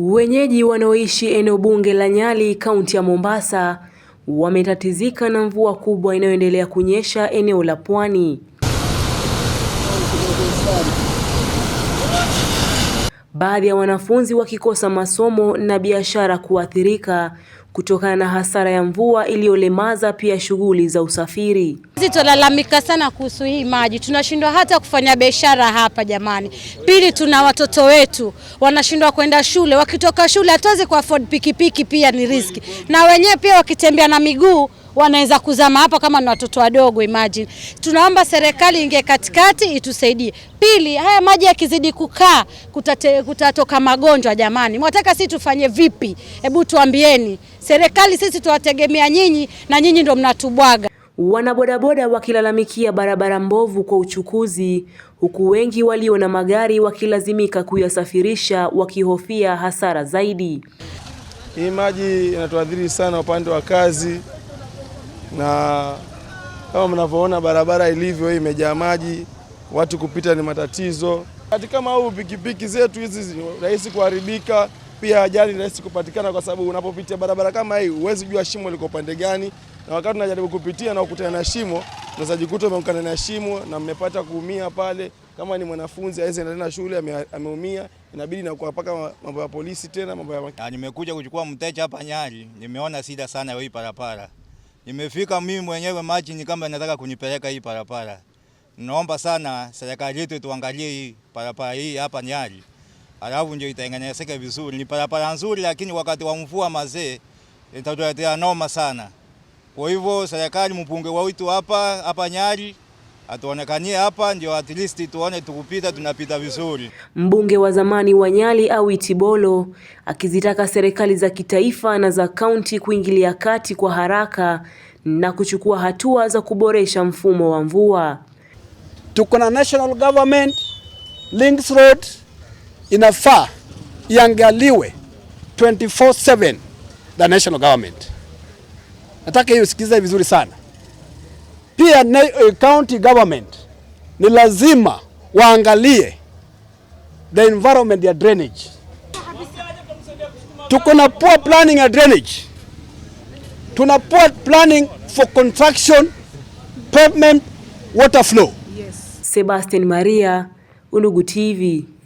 Wenyeji wanaoishi eneo bunge la Nyali kaunti ya Mombasa wametatizika na mvua kubwa inayoendelea kunyesha eneo la pwani. Baadhi ya wanafunzi wakikosa masomo na biashara kuathirika kutokana na hasara ya mvua iliyolemaza pia shughuli za usafiri. Sisi tunalalamika sana kuhusu hii maji, tunashindwa hata kufanya biashara hapa jamani. Pili, tuna watoto wetu wanashindwa kwenda shule, wakitoka shule hatuwezi kuafford pikipiki, pia ni riski, na wenyewe pia wakitembea na miguu wanaweza kuzama hapa kama ni watoto wadogo, imagine. Tunaomba serikali ingie katikati itusaidie. Pili, haya maji yakizidi kukaa kutate, kutatoka magonjwa jamani. Mwataka sisi tufanye vipi? Hebu tuambieni. Serikali sisi tuwategemea nyinyi na nyinyi ndio mnatubwaga. Wanabodaboda wakilalamikia barabara mbovu kwa uchukuzi, huku wengi walio na magari wakilazimika kuyasafirisha wakihofia hasara zaidi. Hii maji inatuadhiri sana upande wa kazi na kama mnavyoona barabara ilivyo imejaa maji, watu kupita ni matatizo. Hata kama huu pikipiki zetu hizi rahisi kuharibika, pia ajali rahisi kupatikana, kwa sababu unapopitia barabara kama hii huwezi jua shimo liko pande gani, na wakati unajaribu kupitia na ukutana na shimo, unazajikuta umeungana na shimo na mmepata kuumia pale. Kama ni mwanafunzi hawezi endelea na shule, ameumia, inabidi na kuwapaka mambo ya polisi tena, mambo ya... Ah, nimekuja kuchukua mteja hapa Nyali, nimeona shida sana hii barabara imefika mimi mwenyewe maji ni kama nataka kunipeleka hii parapara. Naomba sana serikali yetu tuangalie hii parapara hii hapa Nyali, alafu ndio itengenezeke vizuri. Ni parapara nzuri, lakini wakati wa mvua mazee itatuletea noma sana. Kwa hivyo serikali, wa wetu hapa hapa Nyali atuonekanie hapa ndio at least tuone tukupita, tunapita vizuri. Mbunge wa zamani wa Nyali au Itibolo akizitaka serikali za kitaifa na za kaunti kuingilia kati kwa haraka na kuchukua hatua za kuboresha mfumo wa mvua. Tuko na national government links road, inafaa iangaliwe 24/7 na national government. Nataka hiyo sikiza vizuri sana pia eh, county government ni lazima waangalie the environment ya drainage. Tuko na poor planning ya drainage, tuna poor planning for construction, pavement, water flow. Yes. Sebastian Maria, Undugu TV.